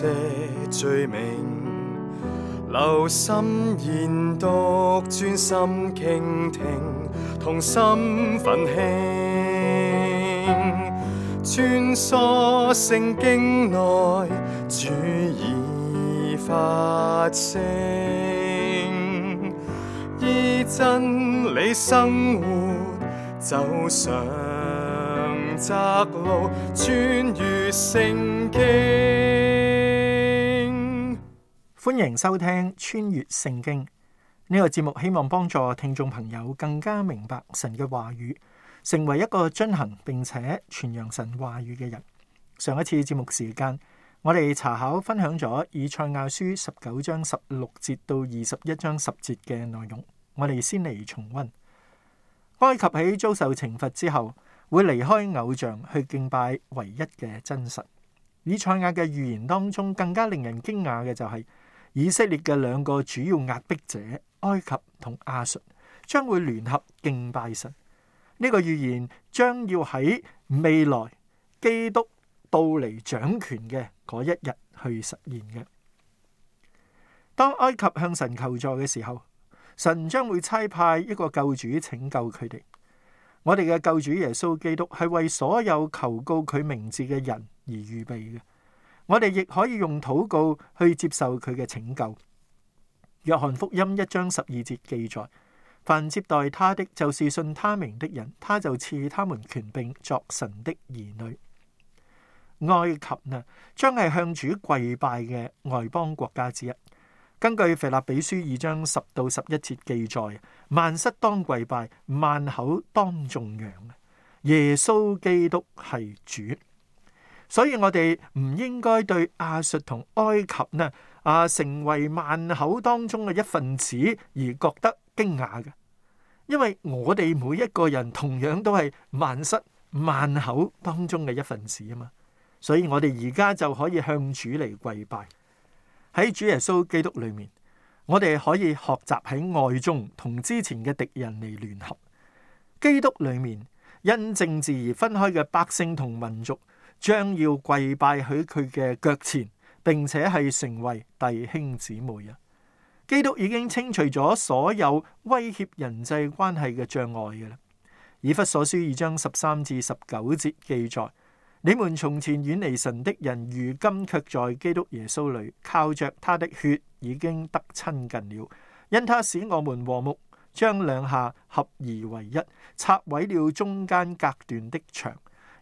些罪名，留心研讀，專心傾聽，同心奮興，穿梭聖經內，主已發聲，依真理生活，走上窄路，穿越聖經。歡迎收聽穿越聖經呢、這個節目，希望幫助聽眾朋友更加明白神嘅話語，成為一個遵行，並且傳揚神話語嘅人。上一次節目時間，我哋查考分享咗以賽亞書十九章十六節到二十一章十節嘅內容，我哋先嚟重溫。埃及喺遭受懲罰之後，會離開偶像去敬拜唯一嘅真神。以賽亞嘅預言當中，更加令人驚訝嘅就係、是。以色列嘅兩個主要壓迫者埃及同亞述將會聯合敬拜神，呢個預言將要喺未來基督到嚟掌權嘅嗰一日去實現嘅。當埃及向神求助嘅時候，神將會差派一個救主拯救佢哋。我哋嘅救主耶穌基督係為所有求告佢名字嘅人而預備嘅。我哋亦可以用禱告去接受佢嘅拯救。約翰福音一章十二節記載：凡接待他的，就是信他名的人，他就賜他們權柄作神的兒女。埃及呢，將係向主跪拜嘅外邦國家之一。根據腓立比書二章十到十一節記載：萬膝當跪拜，萬口當頌揚。耶穌基督係主。所以我哋唔應該對亞述同埃及呢啊，成為萬口當中嘅一份子而覺得驚訝嘅，因為我哋每一個人同樣都係萬膝萬口當中嘅一份子啊嘛。所以我哋而家就可以向主嚟跪拜喺主耶穌基督裏面，我哋可以學習喺愛中同之前嘅敵人嚟聯合。基督裏面因政治而分開嘅百姓同民族，將要跪拜喺佢嘅腳前，並且係成為弟兄姊妹啊！基督已經清除咗所有威脅人際關係嘅障礙嘅啦。以弗所書二章十三至十九節記載：你們從前遠離神的人，如今卻在基督耶穌裏靠着他的血已經得親近了，因他使我們和睦，將兩下合而為一，拆毀了中間隔斷的牆。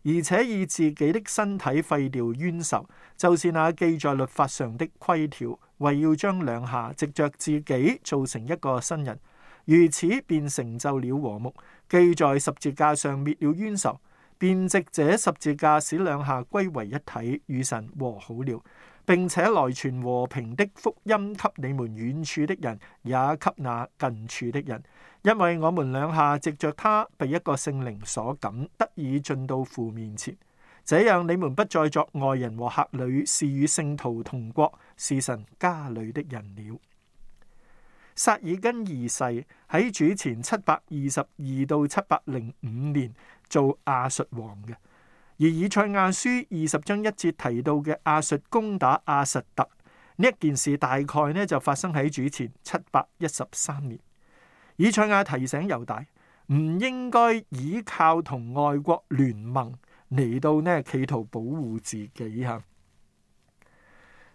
而且以自己的身體廢掉冤仇，就是那記在律法上的規條，為要將兩下藉着自己造成一個新人，如此便成就了和睦。記在十字架上滅了冤仇，便藉這十字架使兩下歸為一體，與神和好了。並且來傳和平的福音給你們遠處的人，也給那近處的人，因為我們兩下藉着他被一個聖靈所感，得以進到父面前。這樣你們不再作外人和客旅，是與聖徒同國，是神家裏的人了。撒爾根二世喺主前七百二十二到七百零五年做亞述王嘅。而以賽亞書二十章一節提到嘅亞述攻打亞實特呢一件事，大概呢就發生喺主前七百一十三年。以賽亞提醒猶大唔應該倚靠同外國聯盟嚟到呢，企圖保護自己吓。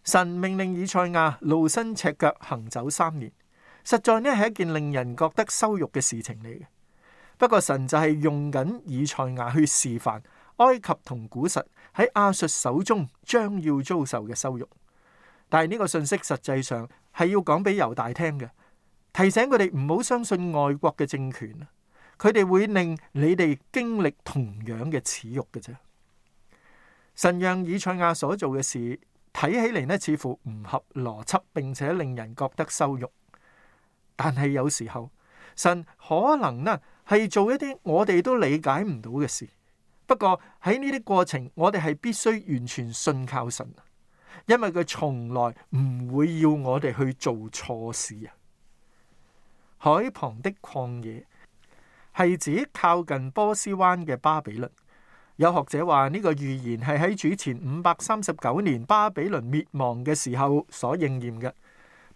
神命令以賽亞露身赤腳行走三年，實在呢係一件令人覺得羞辱嘅事情嚟嘅。不過神就係用緊以賽亞去示範。埃及同古實喺亞述手中將要遭受嘅羞辱，但係呢個信息實際上係要講俾猶大聽嘅，提醒佢哋唔好相信外國嘅政權，佢哋會令你哋經歷同樣嘅恥辱嘅。啫，神讓以賽亞所做嘅事睇起嚟，呢，似乎唔合邏輯，並且令人覺得羞辱。但係有時候神可能呢係做一啲我哋都理解唔到嘅事。不過喺呢啲過程，我哋係必須完全信靠神，因為佢從來唔會要我哋去做錯事啊！海旁的曠野係指靠近波斯灣嘅巴比倫。有學者話呢個預言係喺主前五百三十九年巴比倫滅亡嘅時候所應驗嘅。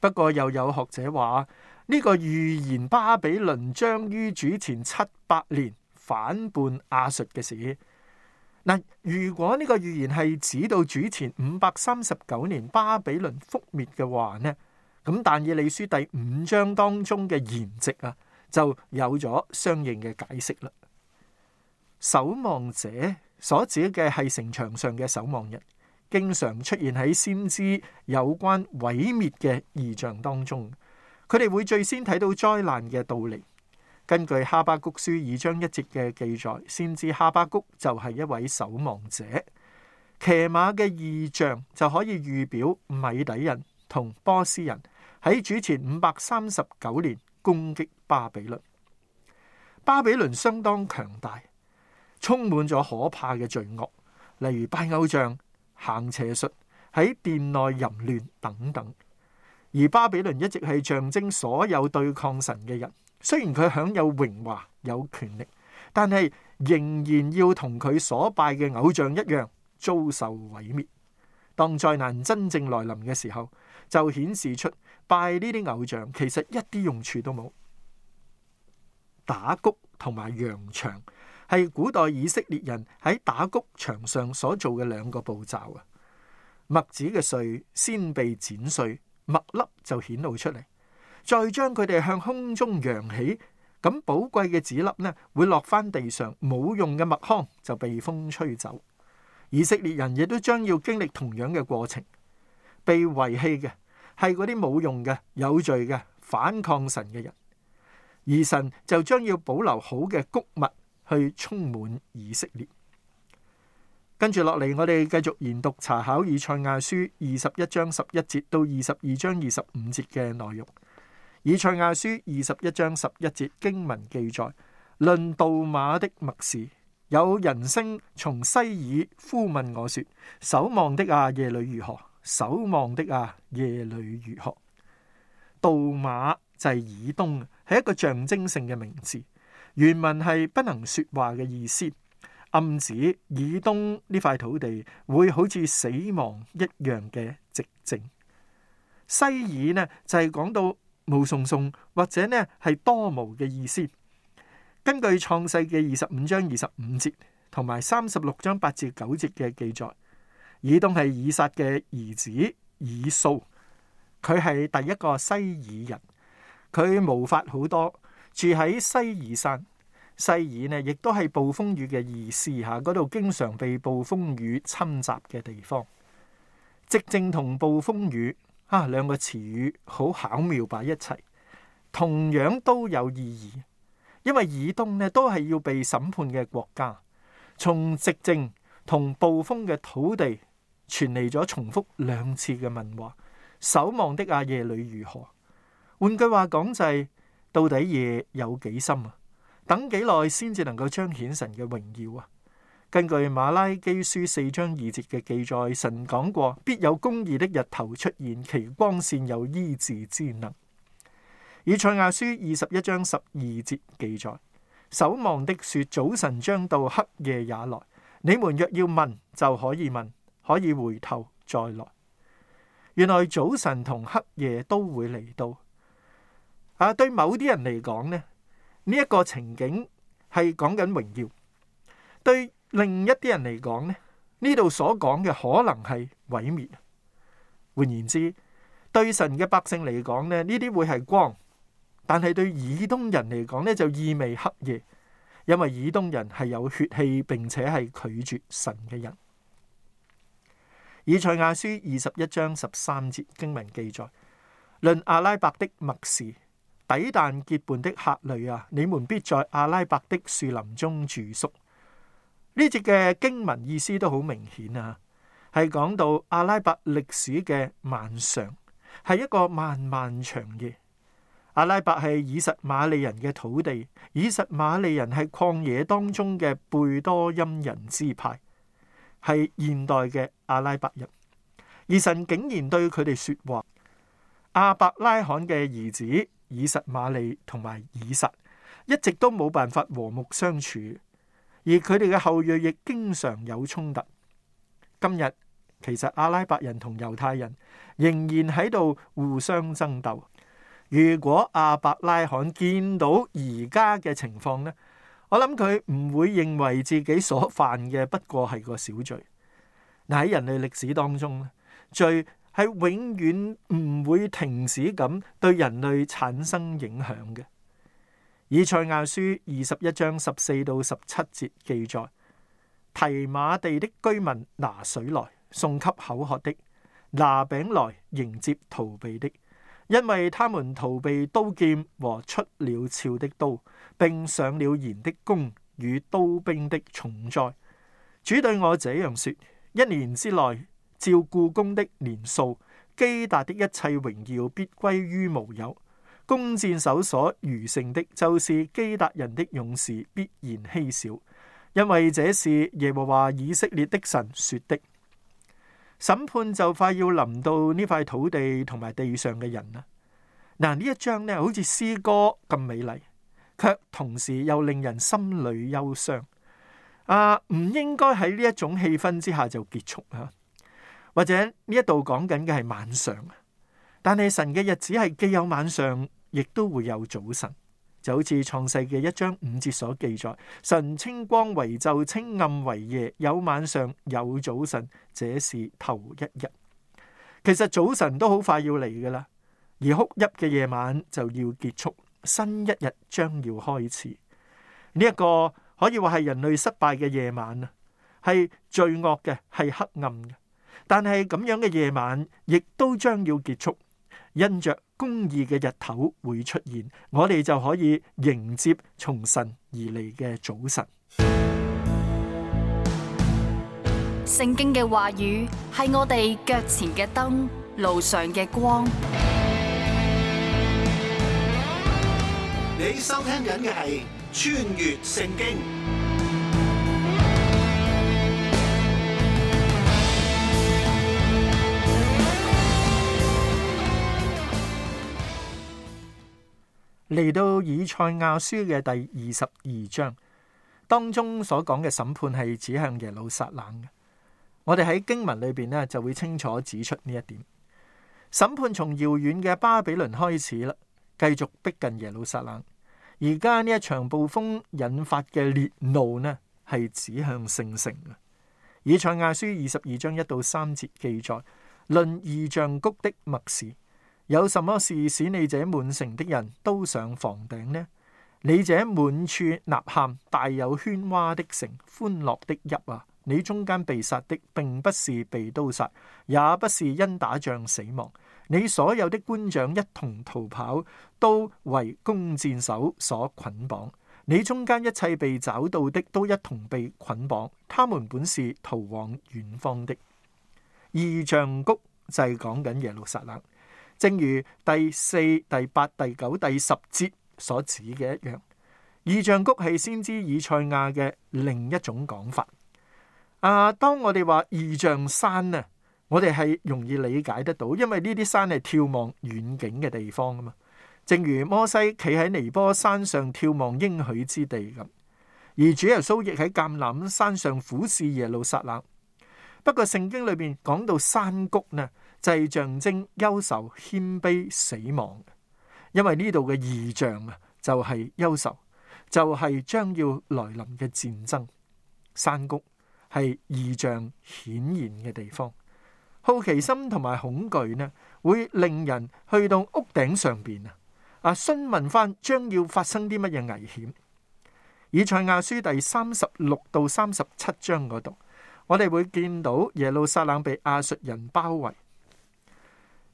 不過又有學者話呢個預言巴比倫將於主前七百年反叛亞述嘅事，嗱，如果呢個預言係指到主前五百三十九年巴比倫覆滅嘅話，呢，咁但以理書第五章當中嘅筵席啊，就有咗相應嘅解釋啦。守望者所指嘅係城牆上嘅守望人，經常出現喺先知有關毀滅嘅異象當中，佢哋會最先睇到災難嘅到嚟。根據《哈巴谷書》二章一節嘅記載，先知哈巴谷就係一位守望者。騎馬嘅異象就可以預表米底人同波斯人喺主前五百三十九年攻擊巴比倫。巴比倫相當強大，充滿咗可怕嘅罪惡，例如拜偶像、行邪術、喺殿內淫亂等等。而巴比倫一直係象徵所有對抗神嘅人。雖然佢享有榮華，有權力，但係仍然要同佢所拜嘅偶像一樣遭受毀滅。當災難真正來臨嘅時候，就顯示出拜呢啲偶像其實一啲用處都冇。打谷同埋揚場係古代以色列人喺打谷場上所做嘅兩個步驟啊。麥子嘅穗，先被剪碎，麥粒就顯露出嚟。再將佢哋向空中揚起，咁寶貴嘅籽粒呢，會落翻地上，冇用嘅麥糠就被風吹走。以色列人亦都將要經歷同樣嘅過程，被遺棄嘅係嗰啲冇用嘅、有罪嘅、反抗神嘅人，而神就將要保留好嘅穀物去充滿以色列。跟住落嚟，我哋繼續研讀查考以賽亞書二十一章十一節到二十二章二十五節嘅內容。以賽亞書二十一章十一節經文記載，論杜馬的默示，有人聲從西珥呼問我說：守望的啊，夜裏如何？守望的啊，夜裏如何？杜馬就係以東，係一個象徵性嘅名字。原文係不能說話嘅意思，暗指以東呢塊土地會好似死亡一樣嘅寂靜。西珥呢就係、是、講到。無鬆鬆或者呢係多毛嘅意思。根據創世記二十五章二十五節同埋三十六章八節九節嘅記載，以東係以、以撒嘅兒子以掃，佢係第一個西爾人，佢毛髮好多，住喺西爾山。西爾呢亦都係暴風雨嘅意思，喺嗰度經常被暴風雨侵襲嘅地方，寂靜同暴風雨。啊，兩個詞語好巧妙吧？一齊同樣都有意義，因為以東呢都係要被審判嘅國家，從寂靜同暴風嘅土地傳嚟咗重複兩次嘅問話：守望的阿、啊、夜裡如何？換句話講就係到底夜有幾深啊？等幾耐先至能夠彰顯神嘅榮耀啊？根據馬拉基書四章二節嘅記載，神講過必有公義的日頭出現，其光線有醫治之能。以賽亞書二十一章十二節記載，守望的說：早晨將到，黑夜也來。你們若要問，就可以問，可以回頭再來。原來早晨同黑夜都會嚟到啊！對某啲人嚟講呢，呢、這、一個情景係講緊榮耀對。另一啲人嚟講咧，呢度所講嘅可能係毀滅。換言之，對神嘅百姓嚟講咧，呢啲會係光；但係對以東人嚟講呢就意味黑夜，因為以東人係有血氣並且係拒絕神嘅人。以賽亞書二十一章十三節經文記載：論阿拉伯的麥士底但結伴的客旅啊，你們必在阿拉伯的樹林中住宿。呢節嘅經文意思都好明顯啊，係講到阿拉伯歷史嘅漫長，係一個漫漫長夜。阿拉伯係以實瑪利人嘅土地，以實瑪利人係曠野當中嘅貝多因人之派，係現代嘅阿拉伯人。而神竟然對佢哋說話，亞伯拉罕嘅兒子以實瑪利同埋以實一直都冇辦法和睦相處。而佢哋嘅後裔亦經常有衝突。今日其實阿拉伯人同猶太人仍然喺度互相爭鬥。如果阿伯拉罕見到而家嘅情況呢，我諗佢唔會認為自己所犯嘅不過係個小罪。嗱，喺人類歷史當中咧，罪係永遠唔會停止咁對人類產生影響嘅。以賽亞書二十一章十四到十七節記載：提馬地的居民拿水來送給口渴的，拿餅來迎接逃避的，因為他們逃避刀劍和出了鞘的刀，並上了弦的弓與刀兵的重災。主對我這樣說：一年之內，照雇工的年數，基達的一切榮耀必歸於無有。弓箭手所餘剩的，就是基達人的勇士必然稀少，因為這是耶和華以色列的神說的。審判就快要臨到呢塊土地同埋地上嘅人啦。嗱呢一章呢，好似詩歌咁美麗，卻同時又令人心裏憂傷。啊，唔應該喺呢一種氣氛之下就結束啊，或者呢一度講緊嘅係晚上，但係神嘅日子係既有晚上。亦都會有早晨，就好似創世嘅一章五節所記載：神稱光為晝，稱暗為夜，有晚上有早晨，這是頭一日。其實早晨都好快要嚟㗎喇，而哭泣嘅夜晚就要結束，新一日將要開始。呢、這、一個可以話係人類失敗嘅夜晚啊，係罪惡嘅，係黑暗嘅。但係咁樣嘅夜晚，亦都將要結束。因着公義嘅日頭會出現，我哋就可以迎接從神而嚟嘅早晨。聖經嘅話語係我哋腳前嘅燈，路上嘅光。你收聽緊嘅係《穿越聖經》。嚟到以賽亞書嘅第二十二章當中，所講嘅審判係指向耶路撒冷嘅，我哋喺經文裏邊咧就會清楚指出呢一點。審判從遙遠嘅巴比倫開始啦，繼續逼近耶路撒冷，而家呢一場暴風引發嘅烈怒呢，係指向聖城嘅。以賽亞書二十二章一到三節記載，論異象谷的默示。有什麼事使你這滿城的人都上房頂呢？你這滿處吶喊，大有喧嘩的城，歡樂的邑啊！你中間被殺的，並不是被刀殺，也不是因打仗死亡。你所有的官長一同逃跑，都為弓箭手所捆綁。你中間一切被找到的，都一同被捆綁。他們本是逃往遠方的。異象谷就係講緊耶路撒冷。正如第四、第八、第九、第十節所指嘅一樣，異象谷係先知以賽亞嘅另一種講法。啊，當我哋話異象山啊，我哋係容易理解得到，因為呢啲山係眺望遠景嘅地方啊嘛。正如摩西企喺尼波山上眺望應許之地咁，而主耶穌亦喺橄欖山上俯視耶路撒冷。不過聖經裏邊講到山谷呢？祭象徵憂愁秀、謙卑、死亡，因為呢度嘅異象啊，就係憂愁，就係、是、將要來臨嘅戰爭。山谷係異象顯現嘅地方，好奇心同埋恐懼呢，會令人去到屋頂上邊啊，啊，詢問翻將要發生啲乜嘢危險。以賽亞書第三十六到三十七章嗰度，我哋會見到耶路撒冷被亞述人包圍。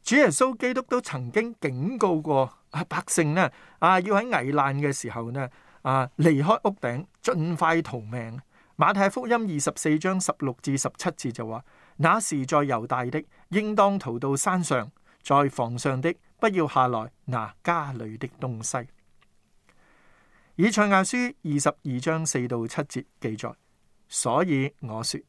主耶穌基督都曾經警告過，啊，百姓呢啊要喺危難嘅時候呢啊離開屋頂，盡快逃命。馬太福音二十四章十六至十七節就話：「那時在猶大的應當逃到山上，在房上的不要下來拿家裏的東西。以賽亞書二十二章四到七節記載，所以我說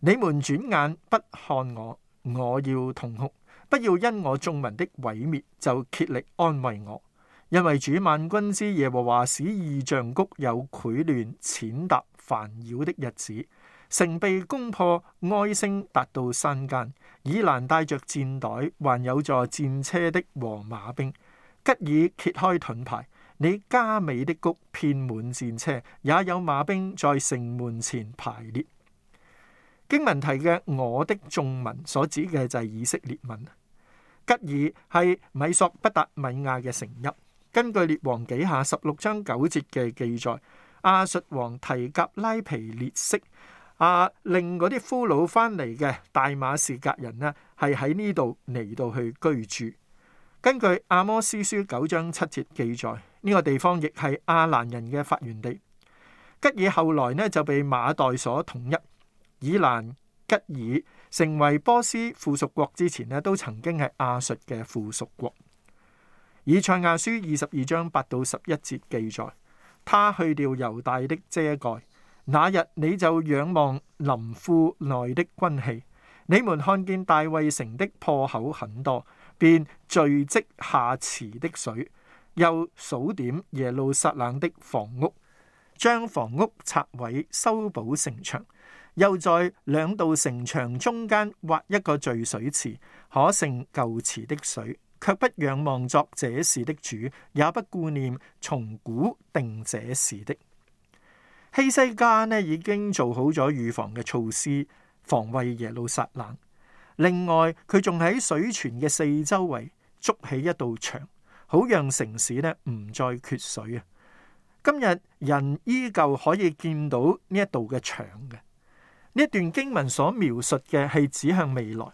你們轉眼不看我，我要痛哭。不要因我眾民的毀滅就竭力安慰我，因為主萬軍之耶和華使異象谷有潰亂、踐踏、煩擾的日子，城被攻破，哀聲達到山間，以攔帶着箭袋，還有坐戰車的和馬兵，吉爾揭開盾牌，你加美的谷遍滿戰車，也有馬兵在城門前排列。經文提嘅我的眾民所指嘅就係以色列文。吉爾係米索不達米亞嘅城邑。根據列王紀下十六章九節嘅記載，亞述王提格拉皮列色阿、啊、令嗰啲俘虜翻嚟嘅大馬士革人呢係喺呢度嚟到去居住。根據阿摩斯書九章七節記載，呢、這個地方亦係亞蘭人嘅發源地。吉爾後來呢就被馬代所統一。以蘭吉爾成為波斯附屬國之前呢，都曾經係亞述嘅附屬國。以賽亞書二十二章八到十一節記載：「他去掉猶大的遮蓋，那日你就仰望林庫內的軍器，你們看見大衛城的破口很多，便聚積下池的水，又數點耶路撒冷的房屋，將房屋拆毀，修補城牆。又在兩道城牆中間挖一個聚水池，可盛舊池的水，卻不仰望作這事的主，也不顧念從古定這事的。希西家呢，已經做好咗預防嘅措施，防衛耶路撒冷。另外，佢仲喺水泉嘅四周圍築起一道牆，好讓城市呢唔再缺水啊。今日人依舊可以見到呢一道嘅牆嘅。呢段經文所描述嘅係指向未來。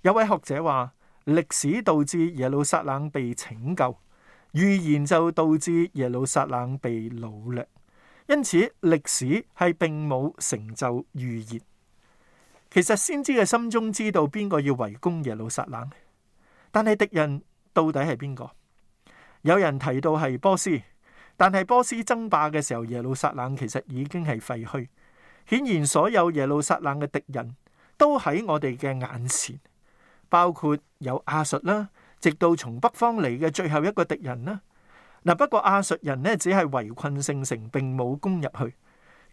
有位學者話：歷史導致耶路撒冷被拯救，預言就導致耶路撒冷被擄掠。因此，歷史係並冇成就預言。其實先知嘅心中知道邊個要圍攻耶路撒冷，但係敵人到底係邊個？有人提到係波斯，但係波斯爭霸嘅時候，耶路撒冷其實已經係廢墟。顯然所有耶路撒冷嘅敵人都喺我哋嘅眼前，包括有亞述啦，直到從北方嚟嘅最後一個敵人啦。嗱，不過亞述人呢，只係圍困聖城，並冇攻入去；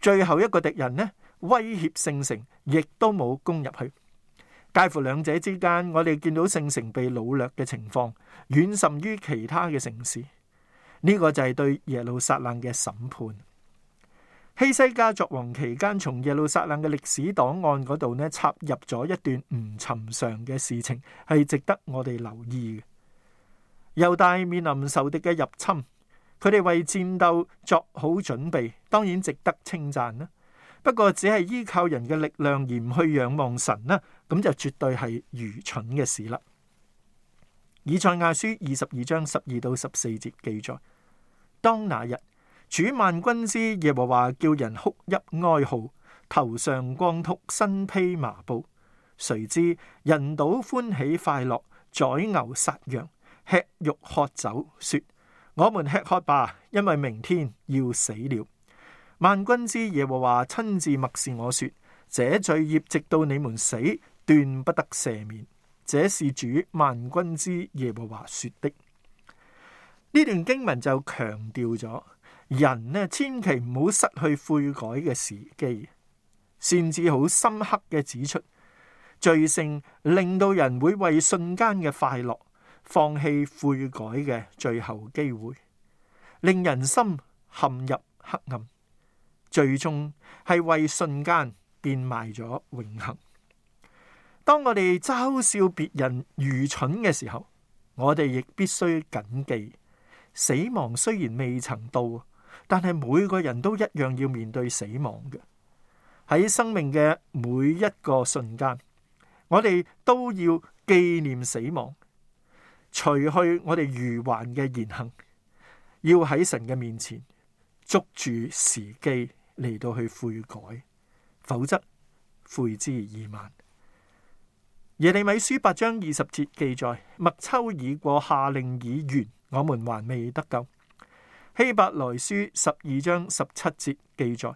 最後一個敵人呢，威脅聖城，亦都冇攻入去。介乎兩者之間，我哋見到聖城被擄掠嘅情況遠甚於其他嘅城市，呢、這個就係對耶路撒冷嘅審判。希西家作王期間，從耶路撒冷嘅歷史檔案嗰度呢，插入咗一段唔尋常嘅事情，係值得我哋留意嘅。猶大面臨仇敵嘅入侵，佢哋為戰鬥作好準備，當然值得稱讚啦。不過只係依靠人嘅力量而唔去仰望神呢，咁就絕對係愚蠢嘅事啦。以賽亞書二十二章十二到十四節記載，當那日，主萬軍之耶和華叫人哭泣哀號，頭上光禿，身披麻布。誰知人倒歡喜快樂，宰牛殺羊，吃肉喝酒，說：我們吃喝吧，因為明天要死了。萬軍之耶和華親自默示我說：這罪孽直到你們死斷不得赦免。這是主萬軍之耶和華說的。呢段經文就強調咗。人呢，千祈唔好失去悔改嘅時機，甚至好深刻嘅指出罪性，令到人會為瞬間嘅快樂放棄悔改嘅最後機會，令人心陷入黑暗，最終係為瞬間變賣咗永恆。當我哋嘲笑別人愚蠢嘅時候，我哋亦必須謹記，死亡雖然未曾到。但係每個人都一樣要面對死亡嘅，喺生命嘅每一個瞬間，我哋都要紀念死亡，除去我哋如幻嘅言行，要喺神嘅面前捉住時機嚟到去悔改，否則悔之已晚。耶利米書八章二十節記載：麥秋已過，夏令已完，我們還未得救。希伯來書十二章十七節記載：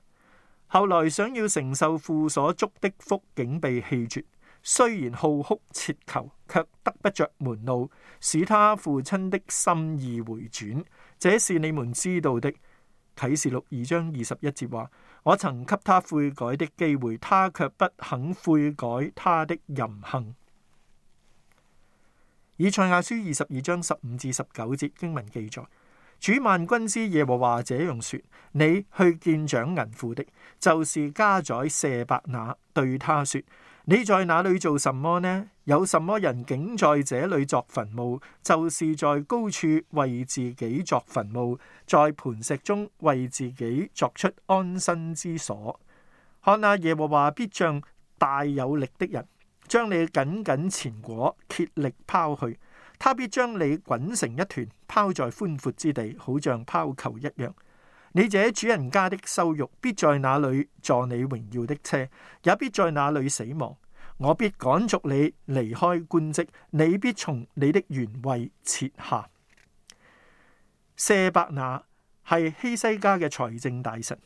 後來想要承受父所祝的福，竟被棄絕。雖然號哭切求，卻得不着門路，使他父親的心意回轉。這是你們知道的。啟示錄二章二十一節話：我曾給他悔改的機會，他卻不肯悔改他的淫行。以賽亞書二十二章十五至十九節經文記載。主萬軍之耶和華這樣說：你去見掌銀庫的，就是家宰舍伯那，對他說：你在哪裏做什麼呢？有什麼人竟在這裏作墳墓？就是在高處為自己作墳墓，在磐石中為自己作出安身之所。看哪，耶和華必將大有力的人將你緊緊纏裹，竭力拋去。他必將你滾成一團，拋在寬闊之地，好像拋球一樣。你這主人家的羞辱必在那裡坐你榮耀的車，也必在那裡死亡。我必趕逐你離開官職，你必從你的原位撤下。舍伯那係希西家嘅財政大臣，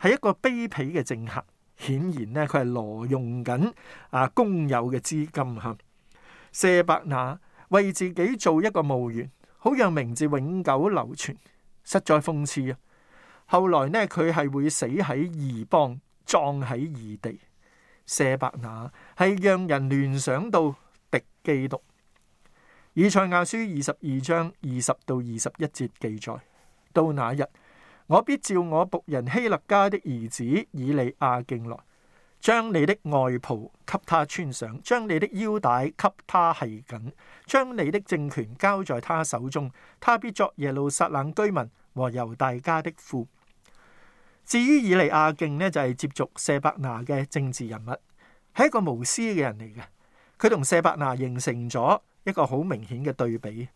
係一個卑鄙嘅政客。顯然呢，佢係挪用緊啊公有嘅資金吓。舍伯那。為自己做一個墓園，好讓名字永久流傳，實在諷刺啊！後來呢，佢係會死喺異邦，葬喺異地。舍伯那係讓人聯想到敵基督。以賽亞書二十二章二十到二十一節記載：到那日，我必召我僕人希勒家的兒子以利亞敬來。將你的外袍給他穿上，將你的腰帶給他繫緊，將你的政權交在他手中，他必作耶路撒冷居民和猶大家的父。至於以利亞敬呢，就係、是、接觸舍伯那嘅政治人物，係一個無私嘅人嚟嘅。佢同舍伯那形成咗一個好明顯嘅對比。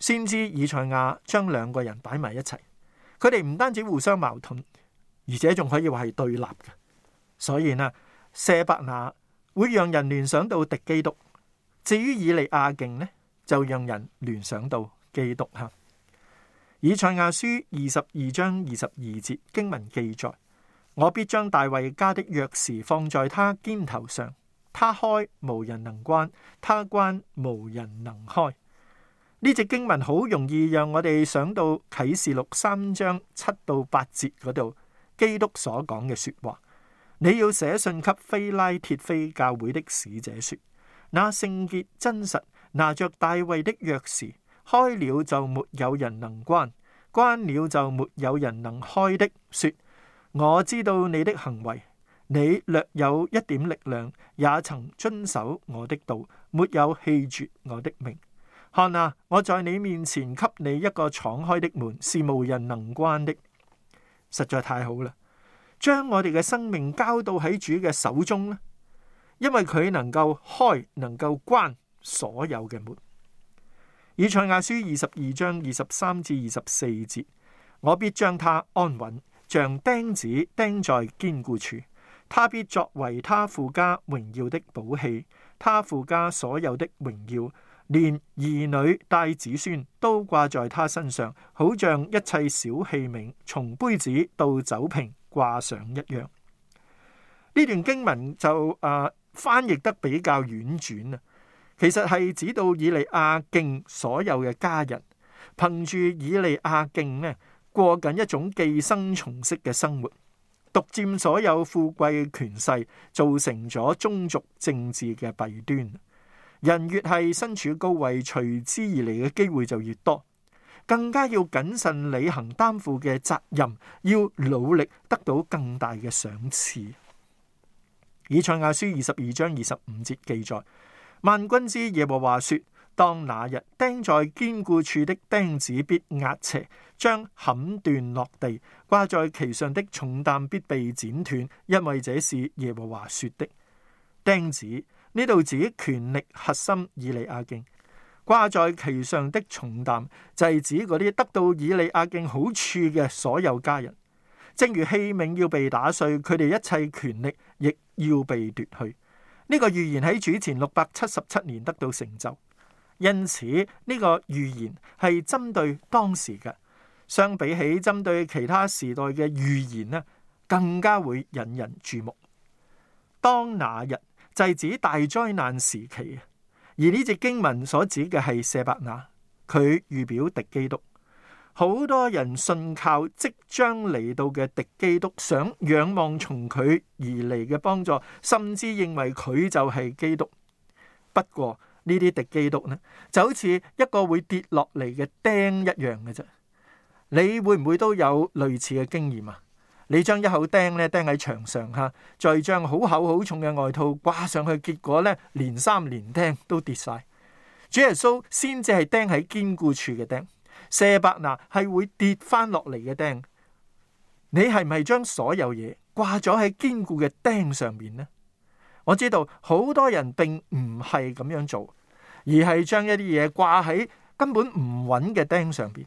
先知以賽亞將兩個人擺埋一齊，佢哋唔單止互相矛盾，而且仲可以話係對立嘅。所以呢，舍伯那會讓人聯想到敵基督；至於以利亞敬呢，就讓人聯想到基督。哈以賽亞書二十二章二十二節經文記載：我必將大衛家的鑰匙放在他肩頭上，他開無人能關，他關無人能開。呢隻經文好容易讓我哋想到啟示錄三章七到八節嗰度，基督所講嘅說話。你要寫信給非拉鐵非教會的使者說：那聖潔真實拿着大衛的鑰匙，開了就沒有人能關，關了就沒有人能開的。說我知道你的行為，你略有一點力量，也曾遵守我的道，沒有棄絕我的命。看啊，我在你面前給你一個敞開的門，是無人能關的。實在太好啦！將我哋嘅生命交到喺主嘅手中咧，因為佢能夠開，能夠關所有嘅門。以賽亞書二十二章二十三至二十四節：我必將他安穩，像釘子釘在堅固處；他必作為他父家榮耀的寶器，他父家所有的榮耀，連兒女帶子孫都掛在他身上，好像一切小器皿，從杯子到酒瓶。掛上一樣，呢段經文就啊、呃、翻譯得比較婉轉啊。其實係指到以利亞敬所有嘅家人，憑住以利亞敬呢過緊一種寄生蟲式嘅生活，獨佔所有富貴嘅權勢，造成咗宗族政治嘅弊端。人越係身處高位，隨之而嚟嘅機會就越多。更加要謹慎履行擔負嘅責任，要努力得到更大嘅賞賜。以賽亞書二十二章二十五節記載：萬軍之耶和華說，當那日釘在堅固處的釘子必壓斜，將砍斷落地掛在其上的重擔必被剪斷，因為這是耶和華說的。釘子呢度指權力核心以利亞敬。掛在其上的重擔就係指嗰啲得到以利亞敬好處嘅所有家人，正如器皿要被打碎，佢哋一切權力亦要被奪去。呢、這個預言喺主前六百七十七年得到成就，因此呢個預言係針對當時嘅，相比起針對其他時代嘅預言呢，更加會引人注目。當那日就係指大災難時期。而呢節經文所指嘅係舍伯拿，佢預表敵基督。好多人信靠即將嚟到嘅敵基督，想仰望從佢而嚟嘅幫助，甚至認為佢就係基督。不過呢啲敵基督呢，就好似一個會跌落嚟嘅釘一樣嘅啫。你會唔會都有類似嘅經驗啊？你將一口釘咧釘喺牆上吓，再將好厚好重嘅外套掛上去，結果咧連三連釘都跌晒。主耶穌先至係釘喺堅固處嘅釘，舍伯那係會跌翻落嚟嘅釘。你係咪將所有嘢掛咗喺堅固嘅釘上面呢？我知道好多人並唔係咁樣做，而係將一啲嘢掛喺根本唔穩嘅釘上邊。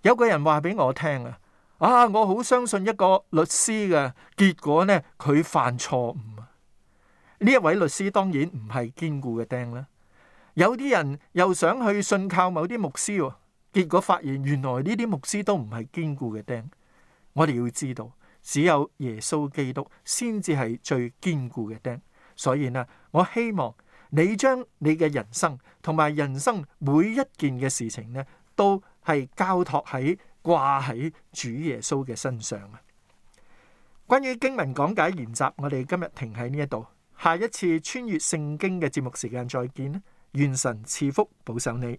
有個人話俾我聽啊！啊！我好相信一個律師嘅結果，呢佢犯錯誤。呢一位律師當然唔係堅固嘅釘啦。有啲人又想去信靠某啲牧師喎，結果發現原來呢啲牧師都唔係堅固嘅釘。我哋要知道，只有耶穌基督先至係最堅固嘅釘。所以呢，我希望你將你嘅人生同埋人生每一件嘅事情呢，都係交託喺掛喺主耶穌嘅身上啊！關於經文講解研習，我哋今日停喺呢一度，下一次穿越聖經嘅節目時間再見啦！願神賜福保守你。